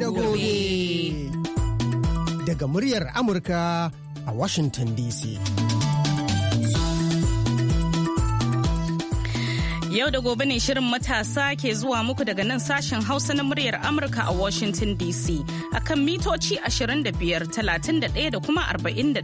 da gobe. Daga muryar Amurka a Washington DC. Yau da gobe ne shirin matasa ke zuwa muku daga nan sashen Hausa na muryar Amurka a Washington DC akan mitoci 25, 31 da kuma 41.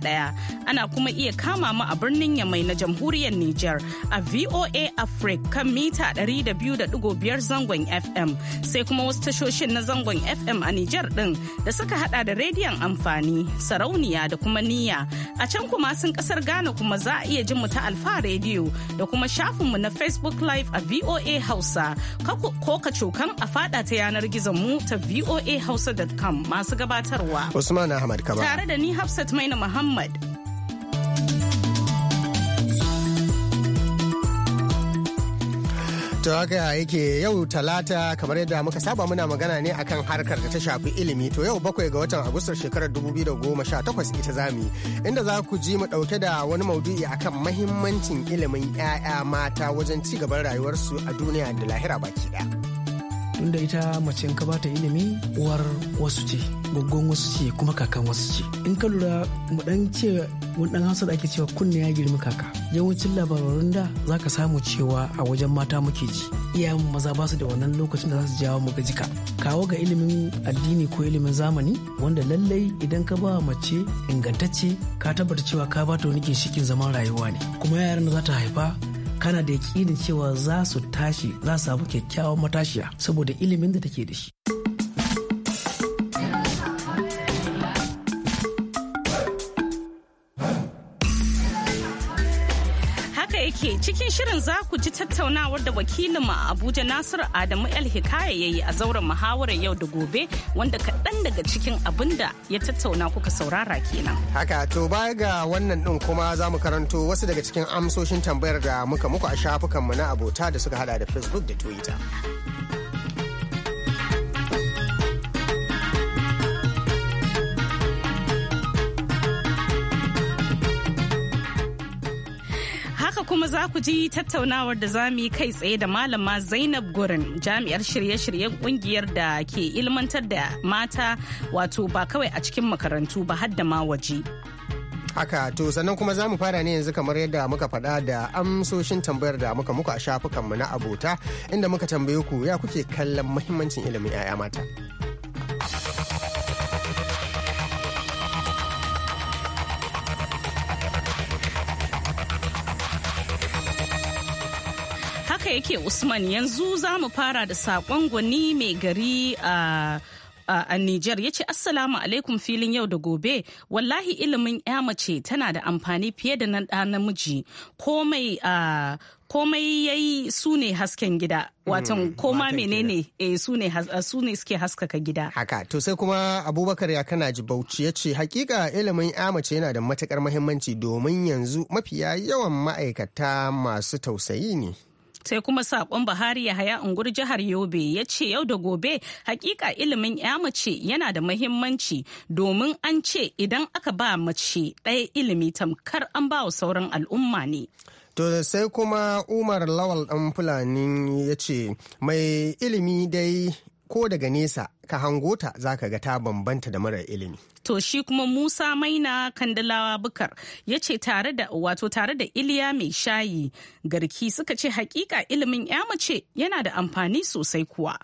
ana kuma iya kama mu a birnin Yamai na jamhuriyar Nijar a VOA Africa kan mita 200.5 zangon FM sai kuma wasu tashoshin na zangon FM a Nijar din da suka hada da rediyon amfani sarauniya da kuma niyya a can kuma sun kasar Ghana kuma za a iya jin mu ta Alfa Radio da kuma shafin mu na Facebook Live a VOA Hausa ko ka cokan a fada ta yanar gizon mu ta voahausa.com masu gabatarwa Usman Ahmad Kaba tare da ni Hafsat Maina Muhammad To haka yake yau talata kamar yadda muka saba muna magana ne akan harkar da ta shafi ilimi to yau bakwai ga watan agustar shekarar 2018 ita zami inda za ku ji mu dauke da wani maudu'i akan mahimmancin ilimin 'ya'ya mata wajen ci gaban rayuwarsu a duniya da lahira baki daya. tunda ita mace in ka bata ilimi uwar wasu ce goggon wasu ce kuma kakan wasu ce in ka lura mu dan ce mun dan hausa da ake cewa kunne ya girmi kaka yawancin labarun da zaka samu cewa a wajen mata muke ji iyayen maza ba su da wannan lokacin da za su jawo mu ga ka. kawo ga ilimin addini ko ilimin zamani wanda lallai idan ka ba mace ingantacce ka tabbata cewa ka bata wani ginshikin zaman rayuwa ne kuma yaran da za ta haifa kana da yakinin cewa za su tashi za su samu kyakkyawan matashiya saboda ilimin da take da shi. yake cikin shirin za ku ji tattaunawar da wakilin a Abuja Nasiru Adamu El Hikaya yayi a zauren muhawarar yau da gobe wanda kaɗan daga cikin abin da ya tattauna kuka saurara kenan. Haka to baya ga wannan ɗin kuma za mu karanto wasu daga cikin amsoshin tambayar da muka muku a shafukanmu na abota da suka hada da Facebook da Twitter. haka kuma za ku ji tattaunawar da za mu yi kai tsaye da malama Zainab Gurin jami'ar shirye-shiryen kungiyar da ke ilmantar da mata wato ba kawai a cikin makarantu ba har da ma waje. haka to sannan kuma za mu fara ne yanzu kamar yadda muka faɗa da amsoshin tambayar da muka muku a shafukanmu na abota inda muka tambaye ku ya kuke kallon muhimmancin ilimin 'ya'ya mata. yake Usman yanzu za mu fara da sakon gwani mai gari a a Nijar ya ce Assalamu alaikum filin yau da gobe wallahi ilimin ya mace tana da amfani fiye da nan namiji komai komai ya yi su ne hasken gida watan mm, koma menene eh, su ne suke haskaka gida haka to sai kuma abubakar ya kana ji bauchi ya ce hakika ilimin ya mace yana da matukar mahimmanci domin yanzu mafiya yawan ma'aikata masu tausayi ne sai kuma sakon buhari ya haya ungur jihar yobe ya ce yau da gobe hakika ilimin ya mace yana da mahimmanci domin an ce idan aka ba mace ɗaya ilimi tamkar an ba wa sauran al'umma ne To sai kuma Umar Lawal ɗan Fulani ya ce, Mai ilimi dai ko daga nesa ka hango ta za ka ga ta bambanta da mara ilimi. To shi kuma Musa Maina Kandalawa Bukar ya ce tare da wato tare da Iliya mai shayi garki suka ce hakika ilimin ya mace yana da amfani sosai kuwa.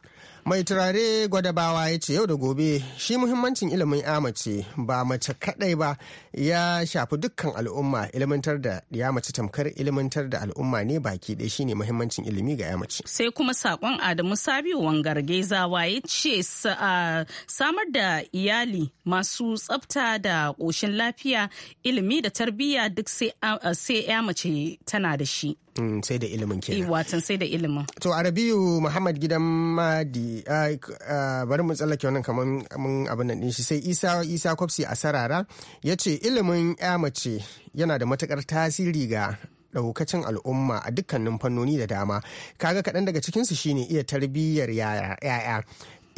mai turare gwadabawa ya ce yau da gobe shi muhimmancin ilimin mace ba mace kadai ba ya shafi dukkan al'umma ilimantar da ya mace tamkar ilimantar da al'umma ne baki ɗaya shine muhimmancin ilimi ga yamace. sai kuma sakon adamu sabiu wangarge zawa ya ce samar da iyali masu tsafta da ƙoshin lafiya ilimi da tarbiyya duk sai ya tana da shi Mm, sai da ilimin kenan iwatan sai da ilimin to arabiyu muhammad gidan madi bari mu tsallake wannan kamar mun abin nan din shi sai isa isa kwabsi a sarara ya ce ilimin ya mace yana da matukar tasiri ga daukacin al'umma a dukkanin fannoni da dama kaga kaɗan daga cikinsu shine iya tarbiyyar yaya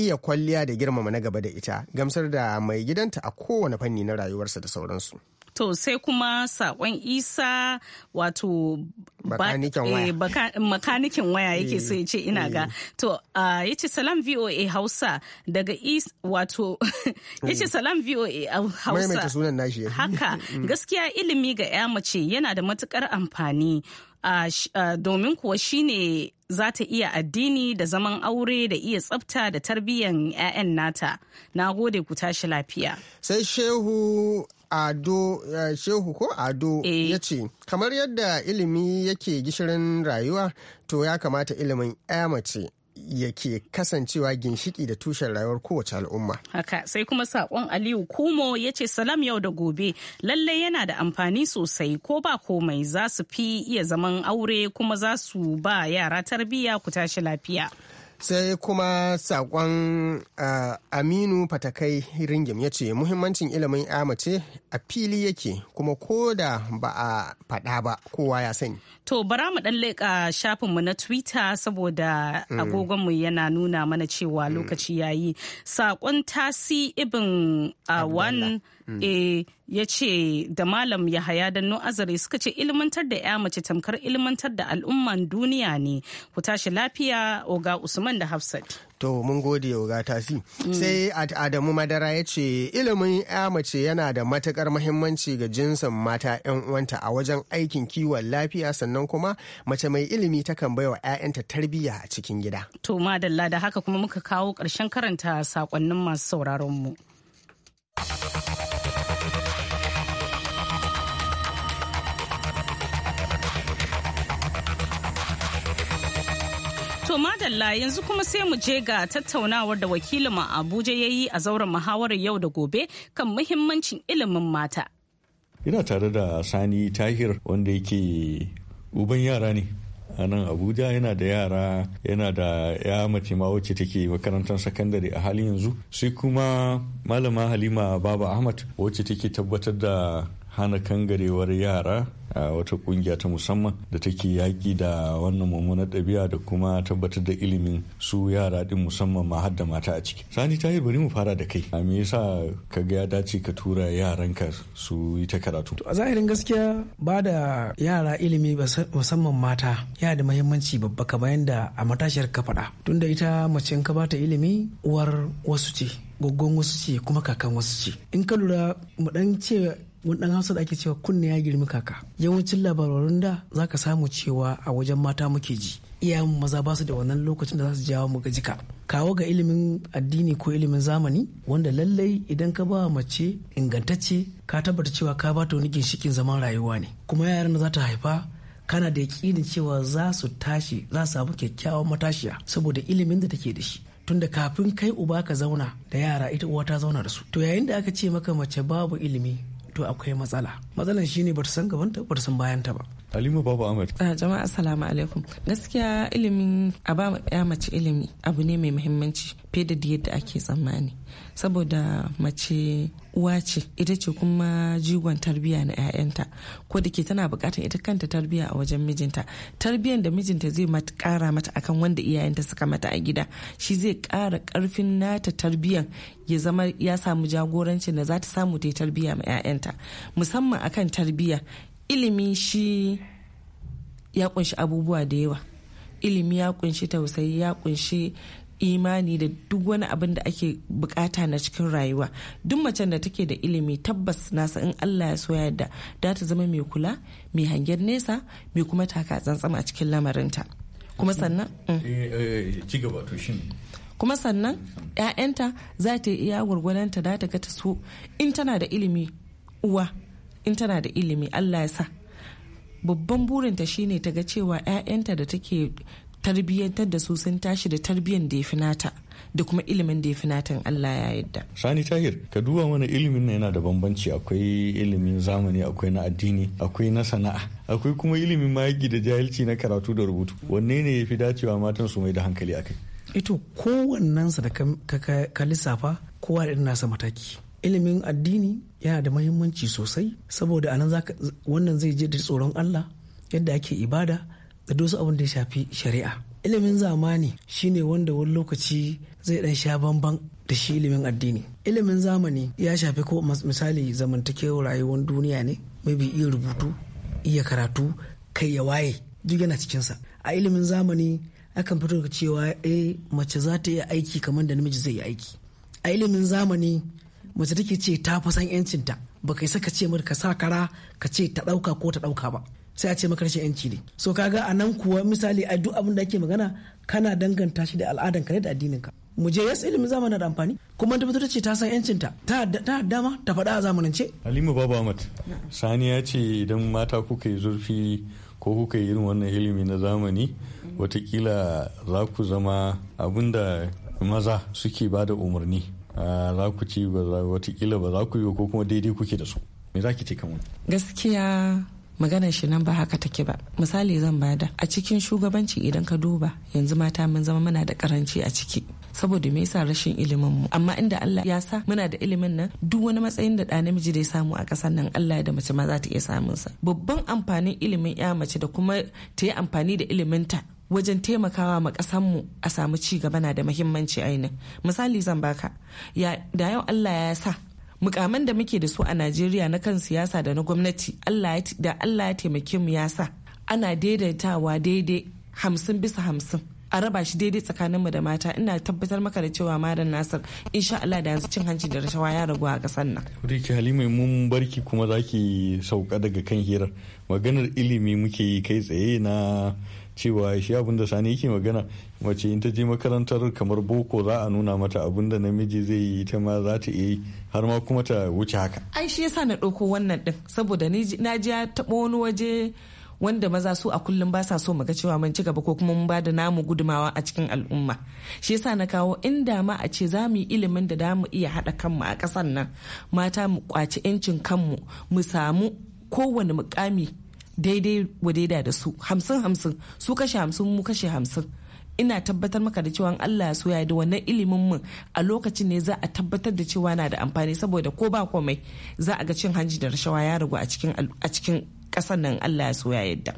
iya kwalliya da girmama na gaba da ita gamsar da mai gidanta a kowane fanni na rayuwarsa da sauransu To sai kuma sakon isa wato eh, makanikin waya yake so ya ce eh, ina eh. ga. To ya ce salam VOA Hausa daga wato ya ce hmm. salam VOA Hausa. Haka hmm. gaskiya ilimi ga 'ya mace yana da matukar amfani. domin kuwa shine za ta iya addini da zaman aure da iya tsafta da tarbiyyan 'ya'yan nata na gode ku tashi lafiya sai shehu ado eh, shehu ko ado eh. ya ce kamar yadda ilimi yake gishirin rayuwa to ya kamata ilimin ya mace yake kasancewa ginshiki da tushen rayuwar kowace al'umma. Haka sai kuma sakon Aliyu Kumo ya ce salam yau da gobe lallai yana da amfani sosai ko ba komai za su fi iya zaman aure kuma za su ba yara tarbiyya ku tashi lafiya. sai kuma sakon ah, aminu fatakai ringim ya ce muhimmancin ilimin ya mace a fili yake kuma ko da ba a fada ba kowa ya sani to bara mu dan leƙa shafinmu na twitter saboda mm. agogonmu yana nuna mana cewa mm. lokaci yayi sakon tasi ibin wan ah, Mm. Eh, ya ce da malam yahaya danno azare suka ce ilmantar da ya mace tamkar ilmantar da al'umman duniya ne ku tashi lafiya oga usman da hafsat To mun gode oga tasi. Mm. Sai Adamu Madara ya ce ilimin ya mace yana da matukar mahimmanci ga jinsin mata 'yan uwanta a wajen aikin kiwon lafiya sannan kuma mace mai ilimi ta kan baiwa 'ya'yanta tarbiyya a cikin gida. To madalla da haka kuma muka kawo ƙarshen karanta saƙonnin masu sauraron mu. To madalla yanzu kuma sai mu je ga tattaunawar da wakilin mu Abuja ya yi a zauren muhawarar yau da gobe kan muhimmancin ilimin mata. Ina tare da Sani Tahir wanda yake uban yara ne. a nan abuja yana da yara yana da ya mace ma wacce take makarantar sakandare a halin yanzu sai kuma malama halima baba ahmad wacce take tabbatar da hana kangarewar yara a wata kungiya ta musamman da take yaƙi da wannan mummunar ɗabi'a da kuma tabbatar da ilimin su yara ɗin musamman ma har da mata a ciki sani ta yi bari mu fara da kai a me yasa ka ga ya dace ka tura yaranka su yi ta karatu a zahirin gaskiya ba da yara ilimi musamman mata yana da mahimmanci babba kamar yadda a matashiyar ka faɗa tunda ita mace in ka bata ilimi uwar wasu ce goggon wasu ce kuma kakan wasu ce in ka lura mu dan ce wani dan hausa da ake cewa kunne ya girmi kaka yawancin labarun da zaka samu cewa a wajen mata muke ji iyayen maza ba su da wannan lokacin da za su jawo mu ga jika kawo ga ilimin addini ko ilimin zamani wanda lallai idan ka ba mace ingantacce ka tabbata cewa ka ba ta wani ginshikin zaman rayuwa ne kuma yaran da za ta haifa kana da yakinin cewa za su tashi za su samu kyakkyawan matashiya saboda ilimin da take da shi tunda kafin kai uba ka zauna da yara ita uwa ta zauna da su to yayin da aka ce maka mace babu ilimi to akwai matsala matsalan shine ba ta san gabanta ba ta san bayanta ba Halima Baba Ah, Jama'a assalamu alaikum. Gaskiya ilimin a ba ya mace ilimi abu ne mai muhimmanci fiye da yadda ake tsammani. Saboda mace uwa ce ita ce kuma jigon tarbiya na 'ya'yanta ko da ke tana bukatar ita kanta tarbiya a wajen mijinta tarbiyan da mijinta zai kara mata akan wanda iyayenta suka mata a gida shi zai kara karfin nata tarbiyan ya zama ya samu jagorancin da za ta samu ta yi tarbiya ma 'ya'yanta musamman akan tarbiya. ilimi shi ya kunshi abubuwa da yawa ilimi ya kunshi tausayi ya kunshi imani da duk wani abin da ake bukata na cikin rayuwa duk macen da take da ilimi tabbas nasa in allah ya so yadda da ta zama mai kula mai hangen nesa mai kuma taka tsantsama a cikin lamarinta kuma sannan mm. eh, eh, kuma sannan 'ya'yanta za ta iya gwargwadonta da ta ga ta so in tana da ilimi uwa in tana da ilimi allah ya sa babban burinta shine ta ga cewa 'ya'yanta da take tarbiyyantar da su sun tashi da tarbiyyan da ya fi nata da kuma ilimin da ya fi natan Allah ya yadda. Sani Tahir, ka duba mana ilimin na yana da bambanci akwai ilimin zamani akwai na addini akwai na sana'a akwai kuma ilimin mayaki da jahilci na karatu da rubutu wanne ne ya fi dacewa matan su mai da hankali akai. Ito kowannensa da ka lissafa kowa da nasa mataki. ilimin addini yana da mahimmanci sosai saboda anan zaka wannan zai je da tsoron Allah yadda ake ibada da dosu abin da ya shafi shari'a ilimin zamani shine wanda wani lokaci zai dan sha bamban da shi ilimin addini ilimin zamani ya shafi ko misali zamantakewar rayuwar duniya ne bi iya rubutu iya karatu kai ya waye duk yana cikin sa a ilimin zamani akan fito da cewa eh mace za ta yi aiki kamar da namiji zai yi aiki a ilimin zamani mace take ce ta fi san yancinta ba kai saka ce mata ka sa kara ka ce ta ɗauka ko ta ɗauka ba sai a ce maka rashin yanci ne so ka ga anan kuwa misali a duk abin da ake magana kana danganta shi da al'adan ka da addinin ka mu je yas ilimin zamani da amfani kuma ta ce ta san yancinta ta ta dama ta faɗa a zamanance halima Baba ahmad sani ya ce idan mata kuka yi zurfi ko kuka yi irin wannan ilimi na zamani watakila za ku zama abinda maza suke bada umarni za ku ci watakila ba za ku yi ko kuma daidai kuke da su me za ki ce kan gaskiya maganar shi nan ba haka take ba misali zan bada a cikin shugabanci idan ka duba yanzu mata mun zama muna da karanci a ciki saboda me yasa rashin ilimin mu amma inda Allah ya sa muna da ilimin nan duk wani matsayin da ɗa namiji da ya samu a ƙasar nan Allah ya da mace ma za ta iya samun sa babban amfanin ilimin ya mace da kuma ta yi amfani da ilimin ta wajen taimakawa ma ƙasanmu a samu ci gaba na da muhimmanci ainihin misali zan baka da yau allah ya sa mukaman da muke da su a najeriya na kan siyasa da na gwamnati da allah ya taimake mu ya sa ana daidaitawa daidai hamsin bisa hamsin a raba shi daidai tsakaninmu da mata ina tabbatar maka da cewa madan nasir insha Allah da yanzu cin hanci da rashawa ya ragu a kasar nan riki halima mun barki kuma zaki sauka daga kan hirar maganar ilimi muke yi kai tsaye na cewa shi abin da sani yake magana mace in ta je makarantar kamar boko za a nuna mata abin da namiji zai yi ta ma za ta yi har ma kuma ta wuce haka ai shi yasa na ɗauko wannan din saboda na ji ya taɓa wani waje wanda maza su a kullum ba sa so ga cewa mun ci gaba ko kuma mun da namu gudumawa a cikin al'umma shi yasa na kawo inda ma a ce za mu yi ilimin da zamu iya haɗa kanmu a ƙasar nan mata mu kwaci 'yancin kanmu mu samu kowane mukami daidai wadaida da su hamsin hamsin su kashe hamsin mu kashe hamsin ina tabbatar maka da cewa Allah ya soya da wannan ilimin mu a lokacin ne za a tabbatar da cewa na da amfani saboda ko ba komai za a ga cin hanji da rashawa ya ragu a cikin a cikin kasar nan Allah ya soya yadda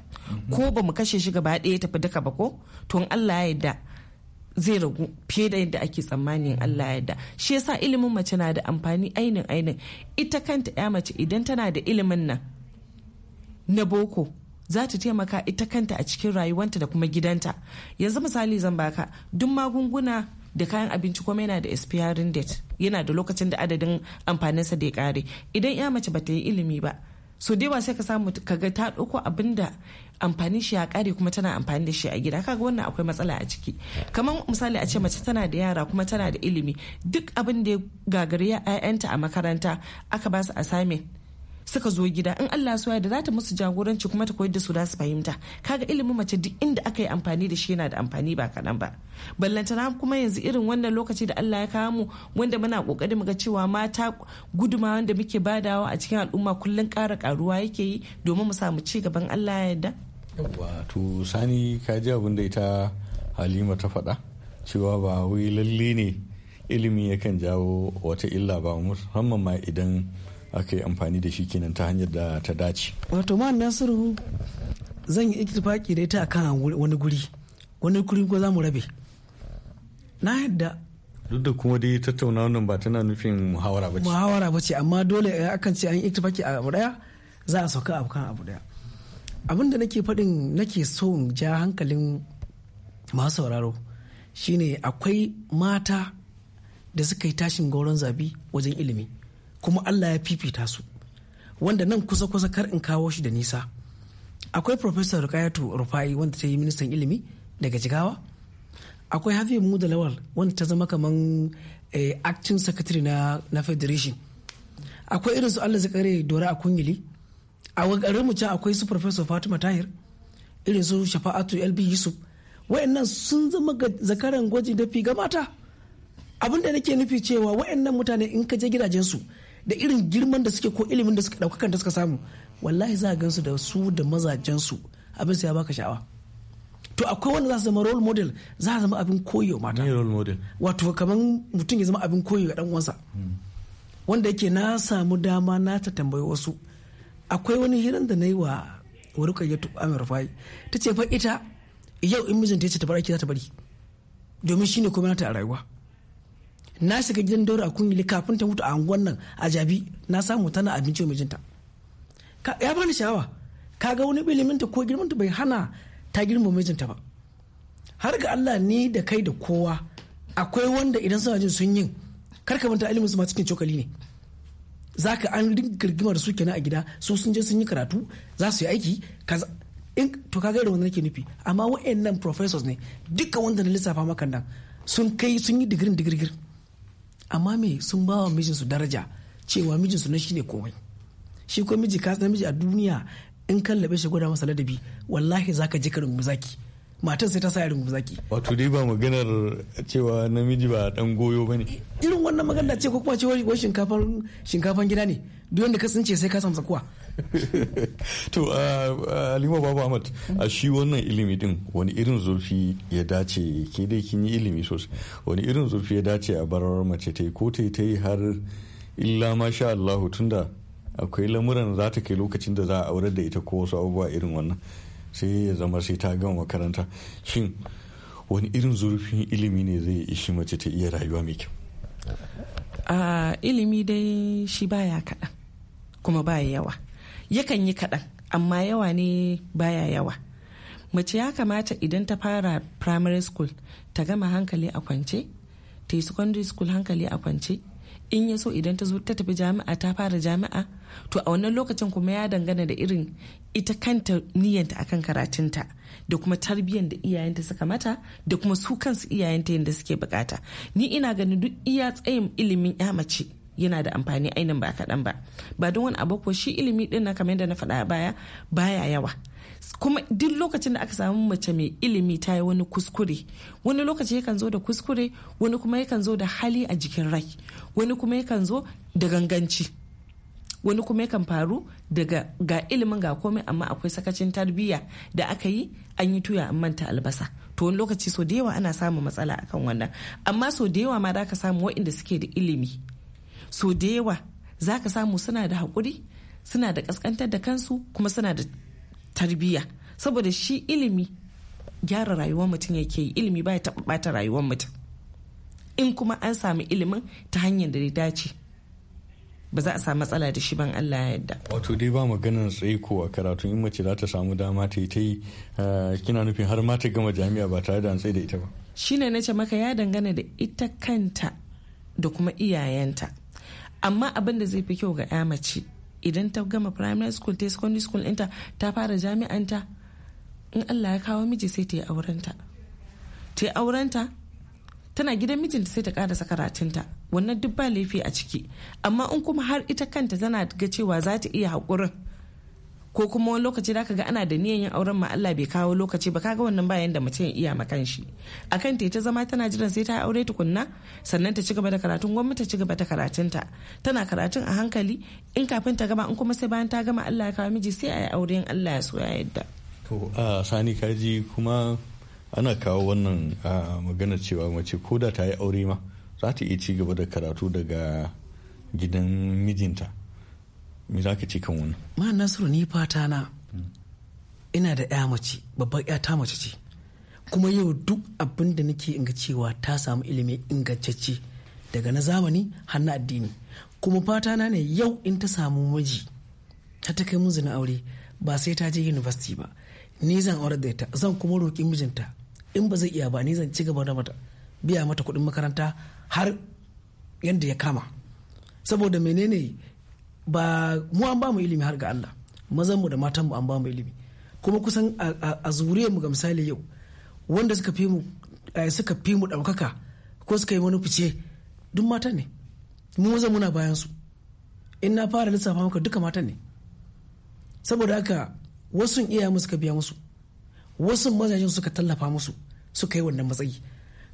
ko ba mu kashe shi gaba ɗaya tafi duka ba ko to Allah ya yadda zai ragu fiye da yadda ake tsammanin Allah ya yarda shi yasa ilimin mace na da amfani ainin ainin ita kanta ya mace idan tana da ilimin nan na boko za ta taimaka ita kanta a cikin rayuwanta da kuma gidanta yanzu misali zan baka duk magunguna da kayan abinci kuma yana da expiring date yana da lokacin da adadin amfaninsa da ya kare idan ya mace bata yi ilimi ba so dai ba sai ka samu kaga ta ɗauko abin da amfanin shi ya kare kuma tana amfani da shi a gida kaga wannan akwai matsala a ciki kamar misali a ce mace tana da yara kuma tana da ilimi duk abin da ya gagari ya 'ya'yanta a makaranta aka ba su assignment suka zo gida in Allah su da za musu jagoranci kuma ta koyar da su da su fahimta kaga ilimin mace duk inda aka yi amfani da shi yana da amfani ba kaɗan ba ballanta na kuma yanzu irin wannan lokaci da Allah ya kawo mu wanda muna kokari muga cewa mata guduma wanda muke badawa a cikin al'umma kullun ƙara ƙaruwa yake yi domin mu samu ci gaban Allah ya yarda wato sani ka ji abin da ita halima ta faɗa cewa ba wai lalle ne ilimi yakan jawo wata illa ba musamman ma idan aka yi amfani da shi kenan ta hanyar da ta dace wato ma nasiru zan yi ittifaki da ita a kan wani guri wani guri ko za mu rabe na yadda duk da kuma dai tattauna wannan ba tana nufin muhawara ba ce muhawara ba ce amma dole eh, akan ce an yi ittifaki a abu daya za a sauka a kan abu daya abin da nake faɗin nake so ja hankalin masu sauraro shine akwai mata da suka yi tashin gauron zabi wajen ilimi kuma Allah ya fifita su wanda nan kusa kusa kar in kawo shi da nisa akwai professor rukayatu rufai wanda ta yi ministan ilimi daga jigawa akwai hafi muda lawal wanda ta zama kamar eh, acting secretary na, na federation akwai irin su allah zakare dora a kungili a wakarin mu can akwai su professor fatima tahir irin su shafa'atu lb yusuf wayannan sun zama zakaran gwaji da ga mata abinda nake nufi cewa wayannan mutane in ka je gidajen su da irin girman da suke ko ilimin da suka ɗaukakan da suka samu wallahi za a gansu da su da mazajensu abin su ya baka sha'awa to akwai wanda za su zama role model za a zama abin koyo mata role model wato kamar mutum ya zama abin koyo ga dan uwansa wanda yake na samu dama na ta tambayi wasu akwai wani hirin da na yi wa waruka ya tuba amir fai ta ce fa ita yau in mijinta ya ce ta bar aiki za ta bari domin shine kuma ta a rayuwa na shiga gidan daura a kunyili kafin ta mutu a anguwan nan a jabi na samu tana abinci mai mijinta ya bani ka ga wani ilimin ta ko girman ta bai hana ta girma mijinta ba har ga Allah ni da kai da kowa akwai wanda idan suna jin sun yin ka manta ilimin su ma cikin cokali ne zaka an girgimar su kenan a gida su sun je sun yi karatu za su yi aiki kaza in to kaga da wanda nake nufi amma wa'annan professors ne duka wanda na lissafa maka nan sun kai sun yi digirin digirgir amma me sun ba wa mijinsu daraja cewa mijinsu na shine komai shi ko miji ka miji a duniya in kallabe shi gwada masa ladabi wallahi zaka je ka muzaki matan sai ta sa irin muzaki Wato dai ba maganar cewa namiji ba dan goyo ba ne. Irin wannan magana ce ko kuma ce shinkafan shinkafan gida ne. Duk wanda ka tsince sai ka samu sakuwa to uh, uh, alima babu ahmad a shi wannan ilimi din wani irin zurfi ya dace ke dai kin yi ilimi sosai wani irin zurfi ya dace a barar mace ta yi ko ta yi ta yi har illa masha allahu tunda akwai lamuran za ta kai lokacin da za a aurar da ita ko wasu abubuwa irin wannan sai ya zama sai ta gama makaranta shin wani irin zurfin ilimi ne zai ishi mace ta iya rayuwa mai kyau uh, ilimi dai shi baya kaɗan kuma baya yawa yakan yi kaɗan amma yawa ne baya yawa mace ya kamata idan ta fara primary school ta gama hankali a kwance ta yi secondary school hankali a kwance in ya so idan ta ta tafi jami'a ta fara jami'a to a wannan lokacin kuma ya dangana da irin ita kanta niyyanta akan karatunta da kuma tarbiyyar da iyayenta suka mata da kuma su kansu iyayenta yadda suke bukata ni ina ganin duk iya tsayin ilimin ya mace yana da amfani ainin ba kaɗan ba ba don wani abu ko shi ilimi ɗin na kamar yadda na faɗa baya baya yawa kuma duk lokacin da aka samu mace mai ilimi ta yi wani kuskure wani lokaci yakan zo da kuskure wani kuma yakan zo da hali a jikin rai wani kuma yakan zo da ganganci wani kuma yakan faru daga ga ilimin ga komai amma akwai sakacin tarbiyya da aka yi an yi tuya an manta albasa to wani lokaci so da yawa ana samun matsala akan wannan amma so da yawa ma da aka samu waɗanda suke da ilimi so da yawa za ka samu suna da haƙuri suna da ƙasƙantar da kansu kuma suna da tarbiyya saboda shi ilimi gyara rayuwar mutum yake yi ilimi baya taɓa ɓata rayuwar mutum in kuma an sami ilimin ta hanyar da ya dace ba za a samu matsala da shi ban Allah ya yarda. Wato dai ba maganar tsaiko a karatu in mace za ta samu dama ta yi ta yi eh, kina nufin har ma ta gama jami'a ba tare da an tsaye da ita ba. Shi ne na ce maka ya dangana da ita kanta da kuma iyayenta. amma abin da zai fi kyau ga ya mace idan ta gama primary school ta secondary school ɗinta ta fara jami'anta in allah ya kawo miji sai ta yi aurenta ta yi aurenta tana gidan mijinta sai ta karasa karatunta wannan duk ba laifi a ciki amma in kuma har ita kanta tana ga cewa za ta iya haƙurin ko kuma wani lokaci zaka ga ana da niyan yin auren ma Allah bai kawo lokaci ba kaga wannan bayan da mace iya ma kanshi akan ta zama tana jiran sai ta aure tukunna sannan ta cigaba da karatun gwamnati ta cigaba da ta tana karatun a hankali in kafin ta gama in kuma sai bayan ta gama Allah ya kawo miji sai a yi auren Allah ya so ya yadda to a sani kaji kuma ana kawo wannan magana cewa mace ko da ta yi aure ma za ta iya ci gaba da karatu daga gidan mijinta me za ka ce kan wani ma nasiru ni fata na ina da ya mace babbar ya ta mace ce kuma yau duk abin da nake inga cewa ta samu ilimi ingantacce daga na zamani har na addini kuma fata na ne yau in ta samu miji ta ta kai zina aure ba sai ta je university ba ni zan aure da ita zan kuma roƙi mijinta in ba zai iya ba ni zan ci gaba da mata biya mata kuɗin makaranta har yadda ya kama saboda menene ba mu an ba mu ilimi har ga Allah mazan mu da matan mu an ba mu ilimi kuma kusan a zuriyar mu ga misali yau wanda suka fi mu eh, suka fi mu daukaka ko suka yi wani fice duk mata ne mu mazan muna bayan su in na fara lissafa maka duka mata ne saboda haka wasu iyaye mu suka biya musu wasu mazajen suka tallafa musu suka yi wannan matsayi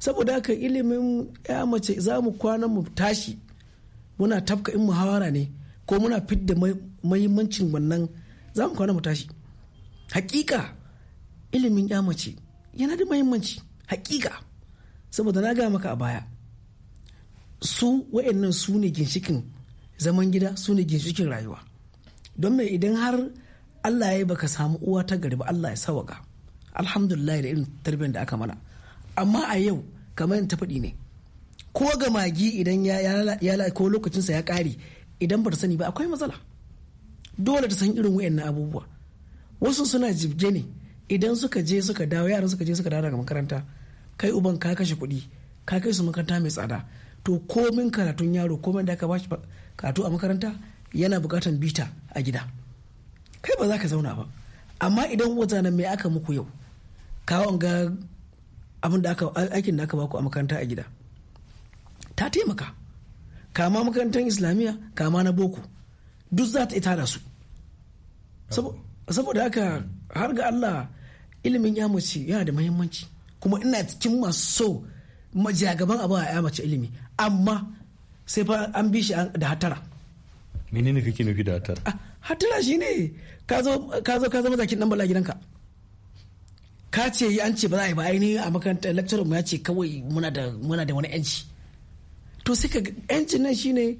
saboda haka ilimin ya mace za mu kwana mu tashi muna tafka in muhawara ne ko muna fidda mahimmancin wannan za mu kwana mu tashi hakika ilimin ya yana da mahimmanci hakika saboda na gaya maka a baya su wa'annan su ne ginshikin zaman gida su ne ginshikin rayuwa don mai idan har allah ya baka samu uwa ta gari ba allah ya sawaka alhamdulillah da irin tarbiyyar da aka mana amma a yau kamar ta faɗi ne ko ga magi idan ya ko lokacinsa ya ƙare idan ba ta sani ba akwai matsala dole ta san irin wayannan abubuwa wasu suna jibge ne idan suka je suka dawo yaran suka je suka dawo daga makaranta kai uban ka kashe kuɗi ka kai su makaranta mai tsada to komin karatun yaro komin da aka ba shi karatu a makaranta yana bukatan bita a gida kai ba za ka zauna ba amma idan wata nan mai aka muku yau kawon ga abin da aka aikin da aka baku a makaranta a gida ta taimaka kama makarantar islamiyya kama na boko duk za ta ita da su saboda haka har ga allah ilimin ya mace yana da mahimmanci kuma ina cikin masu so majagaban abu a ya mace ilimi amma sai fa an bi shi da hatara menene kake nufi da hatara ah, hatara ne ka zo ka zama zakin dan bala gidanka ka ce an ce ba za a yi ba ainihin a makarantar lecturer mu ya ce kawai muna da wani yanci to suka yancin nan shine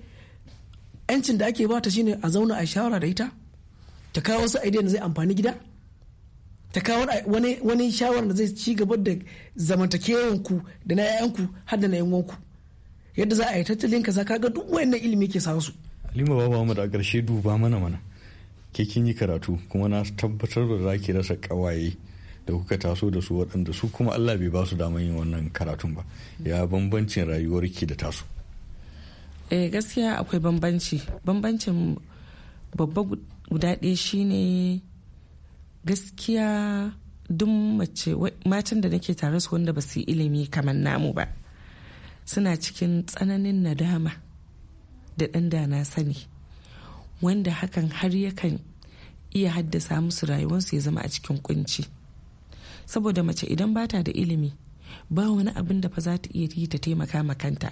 yancin da ake bata shine a zauna a shawara da ita ta kawo wasu idea da zai amfani gida ta kawo wani wani shawara da zai ci gaba da zamantakewan ku da na 'ya'yanku ku har da na yan ku yadda za a yi tattalin ka ka ga duk wayannan ilimi ke sa su Halima baba mu da karshe duba mana mana ke kin yi karatu kuma na tabbatar da zaki rasa kawaye da kuka taso da su waɗanda su kuma Allah bai ba su damar yin wannan karatun ba ya bambancin rayuwarki da tasu eh gaskiya akwai bambanci bambancin babba guda ɗaya shine gaskiya duk mace matan da nake tare su wanda ba su yi ilimi kamar namu ba suna cikin tsananin nadama da ɗan da na sani wanda hakan har yakan iya haddasa musu rayuwarsu ya zama a cikin kunci saboda mace idan ba ta da ilimi ba wani abin da fa za ta iya yi ta taimaka makanta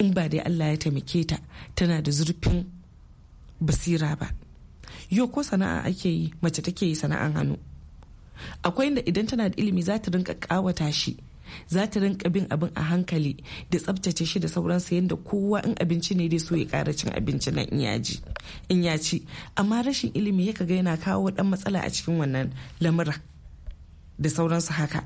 in ba dai Allah ya taimake ta tana da zurfin basira ba yau ko sana'a ake yi mace take yi sana'an hannu akwai inda idan tana da ilimi za ta rinka kawata shi za ta rinka bin abin a hankali da tsabtace shi da sauran sauransu da kowa in abinci ne dai so ya kara cin abinci nan in ya ci amma rashin ilimi yaka ga yana kawo dan matsala a cikin wannan lamuran da sauransu haka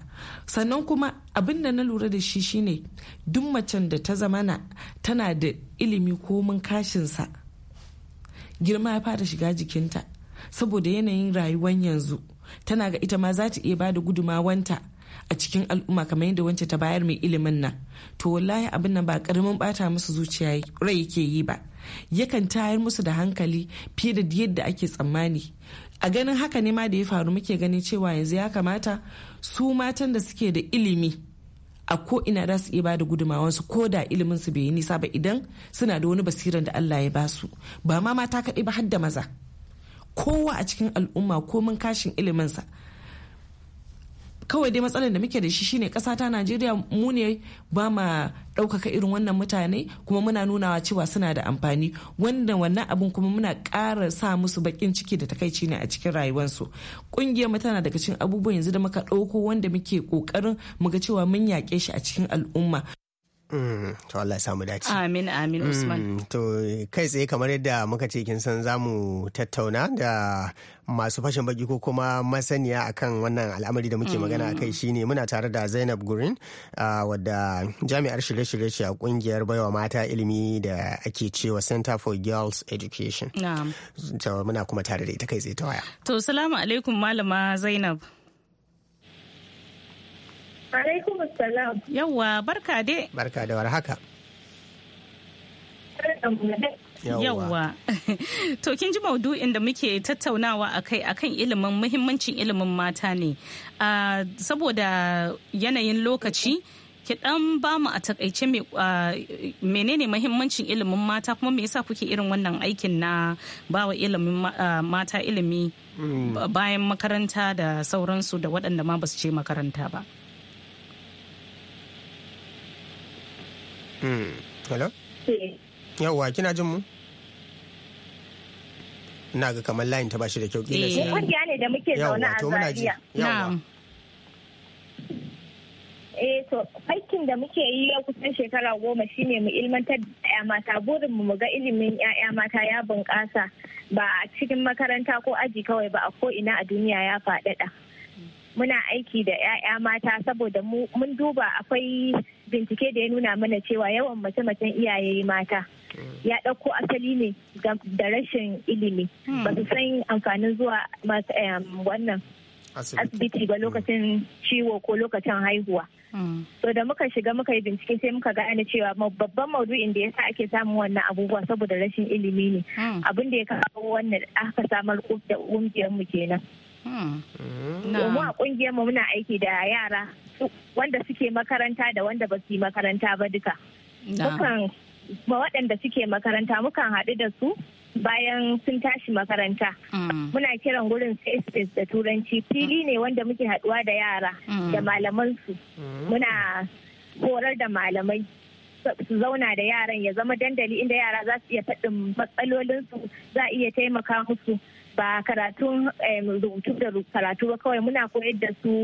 sannan kuma abin da na lura da shi shine duk macen da ta zamana tana da ilimi komin kashinsa girma ya fara shiga jikinta saboda yanayin rayuwar yanzu tana ga ita ma za ta iya bada gudumawanta a cikin al'umma kamar yadda wance ta bayar mai ilimin nan to wallahi abin nan ba karamin bata musu zuciya rai yake yi ba yakan tayar musu da hankali fiye da yadda ake tsammani a ganin haka ne ma da ya faru muke ganin cewa yanzu ya kamata su matan da suke da ilimi a ko ina za su iya bada su ko da ilimin su bai yi nisa ba idan suna da wani basiran da Allah ya ba su ba ma mata kaɗai ba har da maza kowa a cikin al'umma ko mun kashin iliminsa sa kawai dai matsalar da muke da shi shine kasa ta najeriya mu ne ba ma ɗaukaka irin wannan mutane kuma muna nunawa cewa suna da amfani wanda wannan abun kuma muna kara sa musu baƙin ciki da takaici ne a cikin rayuwarsu ƙungiyar mu tana daga cikin abubuwan yanzu da muka ɗauko wanda muke ƙoƙarin muga cewa mun yaƙe shi a cikin al'umma Mm, to Allah samu dace amin amin mm, usman to kai tsaye kamar yadda muka ce kin san zamu tattauna da masu fashin baki ko kuma masaniya akan wannan al'amari da muke mm. magana a kai shine muna tare da zainab gurin wadda jami'ar shirye-shirye ce a kungiyar baiwa mata ilimi da ake cewa center for girls education muna kuma tare da ita kai tsaye ta waya to salamu alaikum malama zainab Alaikum salam. Yawwa barka de Barka da warhaka. Yawwa. to kin ji maudu'in da muke tattaunawa a kai akan ilimin muhimmancin ilimin mata ne. saboda yanayin lokaci ki dan ba mu a takaice menene muhimmancin ilimin mata kuma me yasa kuke irin wannan aikin na bawa ilimin mata ilimi hmm. bayan makaranta da sauransu da waɗanda ma ba su ce makaranta ba. Hmm. Hello? Yawwa kina jin mu? Na ga kamar layin ta bashi da kyau Eh. sai. Kungiya ne da muke zaune a Zaria. Yawwa. eh to aikin da muke yi ya kusan shekara goma shine mu ilmantar da 'ya'ya mata burin mu ga ilimin 'ya'ya mata ya bunƙasa ba a cikin makaranta ko aji kawai ba a ko ina a duniya ya faɗaɗa. muna aiki da 'ya'ya mata saboda mun duba akwai bincike da ya nuna mana cewa yawan mace-macen iyaye mata ya ɗauko asali ne da rashin ilimi hmm. ba su san amfanin zuwa wannan asibiti ba hmm. lokacin ciwo ko lokacin haihuwa. Hmm. So da muka shiga muka yi bincike sai muka gane cewa babban maudu'in da sa ake samun wannan abubuwa saboda rashin ilimi ne. Abin da ya kawo wannan aka samar da ƙungiyarmu mu kenan. Mu hmm. hmm. a kungiyar mu muna aiki da yara wanda suke makaranta da wanda ba su yi makaranta ba duka. Mukan ma waɗanda suke makaranta mukan haɗu da su bayan sun tashi makaranta. Hmm. Muna kiran gurin space da turanci fili ne wanda muke haɗuwa da yara da malamansu. Muna horar da malamai. su zauna da yaran ya zama dandali inda yara za su iya faɗin matsalolinsu za a iya taimaka musu ba karatun rubutu da karatu ba kawai muna koyar da su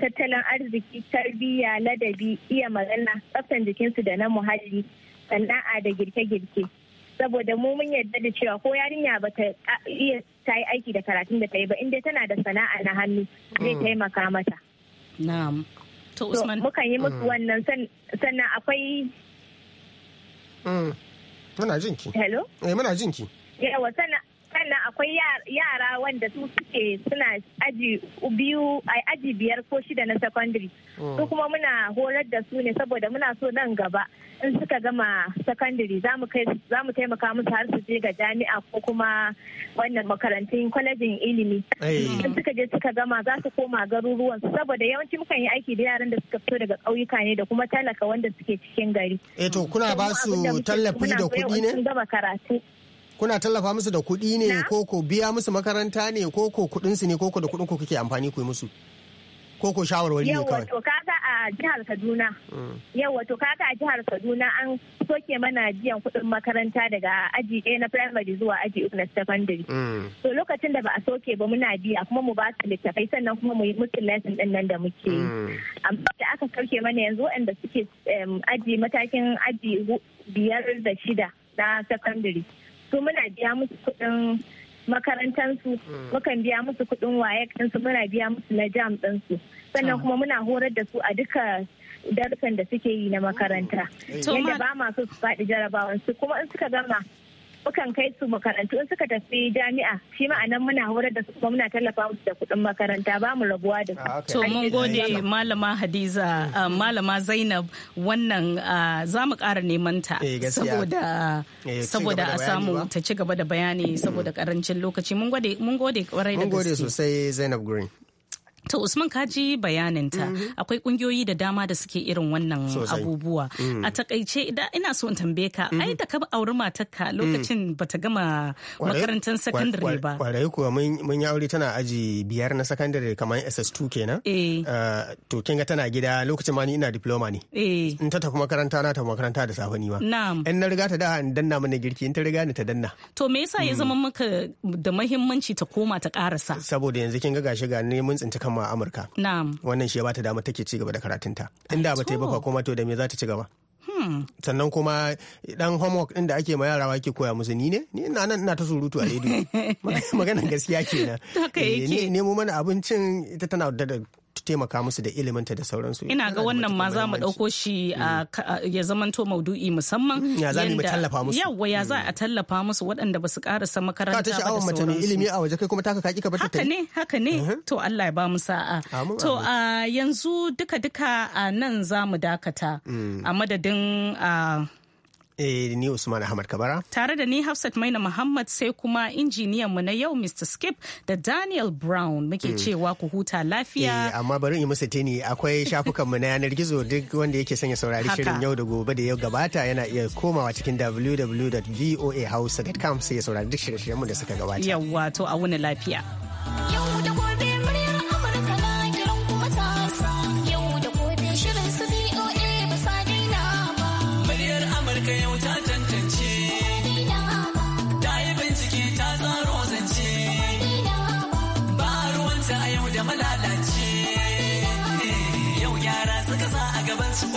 tattalin arziki tarbiyya ladabi iya magana tsaftan jikinsu da na muhalli sana'a da girke-girke saboda mu mun yarda da cewa ko yarinya ba ta iya ta yi aiki da karatun da ta yi ba inda tana da sana'a na hannu zai mm. taimaka mata na'am to usman mukan yi musu mm. wannan sannan akwai mm. muna jinki hello eh muna jinki yawa sannan sannan akwai yara wanda su suke suna aji biyar ko shida na secondary oh. su kuma muna horar da su ne saboda muna so nan gaba in suka gama secondary za mu taimaka musu har su je ga jami'a ko kuma wannan makarantun kwalejin ilimi in suka je suka gama za su koma garuruwan saboda yawanci mukan yi aiki da yaran da suka fito daga ƙauyuka ne da kuma talaka wanda suke cikin gari eh, to kuna ba su tallafi da kuɗi gama karatu kuna tallafa musu da kuɗi ne ko ko biya musu makaranta ne ko ko kuɗin su ne ko ko da kuɗin ku kuke amfani ku musu ko ko shawarwari ne kawai to kaga a jihar Kaduna mm. yawa to kaga a jihar Kaduna an soke mana biyan kuɗin makaranta daga aji ɗaya na primary zuwa aji uku na secondary mm. to lokacin da ba a soke ba muna biya kuma mu ba su littafai sannan kuma mu yi musu lesson din nan da muke mm. amma da aka soke mana yanzu waɗanda suke aji matakin aji biyar da shida na secondary su muna biya musu kuɗin makarantansu hmm. mukan biya musu kuɗin waye ɗinsu muna biya musu na jam ɗinsu sannan ah. kuma muna horar da su a duka darkan da suke yi na makaranta eh. yadda ba ma su faɗi jarabawan su kuma in suka gama sukan kai su makarantu in suka tafi jami'a shi ma'anan muna horar da su kuma muna tallafa musu da kuɗin makaranta ba mu rabuwa da su. Ah, to mun gode malama Hadiza uh, malama Zainab wannan uh, za mu ƙara neman ta eh, saboda eh, saboda a samu ta ci gaba da bayani saboda karancin lokaci mun gode kwarai da gaske. Mun gode sosai Zainab Green. To Usman kaji bayaninta mm-hmm. akwai kungiyoyi da dama da suke irin wannan abubuwa. Mm. A takaice ina so in tambaye ka ai mm-hmm. da ka auri matarka lokacin mm. bata gama makarantar sakandare ba. Kwarai kuwa mun yi aure tana aji biyar na sakandare kamar SS2 kenan. Eh. Ah, to kinga tana gida lokacin ma ni ina diploma ne. Eh. In ta tafi makaranta na tafi makaranta da safe ni ma. Na'am. In na riga ta da in danna mana girki in ta riga ni ta danna. To me yasa ya mm. zama maka da mahimmanci ta koma ta karasa? Saboda yanzu kinga gashi ga ne mun tsinci kan musamman a Amurka. Wannan shi ba ta dama take cigaba da karatunta. Ah, Inda ba ta yi ba kuma to da me za ta ci gaba? Hmm. sannan kuma dan homework din da ake ma yara ake koya musu ni ne ni ina nan ina ta surutu a rediyo maganan gaskiya kenan eh, ne mu mana abincin ita tana da taimaka musu da iliminta da sauransu ina ga wannan ma za mu ɗauko shi mm. ya zamanto maudu'i musamman mm-hmm. ya za mu tallafa musu Yawwa ya za a mm. tallafa musu waɗanda ba su ƙarasa makaranta ba da sauransu mace mai ilimi a waje kai kuma ta ka kaki ka bata haka ne haka ne mm-hmm. to Allah ya ba mu sa'a to yanzu duka duka nan za mu dakata mm. a madadin Eh, ni Usman Ahmad Kabara. Tare da ni Hafsat Maina Muhammad sai kuma injiniyan mu na yau Mr. Skip da Daniel Brown muke hmm. cewa ku huta lafiya. Eh, amma bari in yi musu tini akwai shafukan mu na yanar gizo duk wanda yake sanya saurari shirin yau da gobe da yau gabata yana iya komawa cikin www.voahausa.com sai ya saurari duk shirye-shiryen mu da suka gabata. Yawwa to a wuni lafiya. Yau da gobe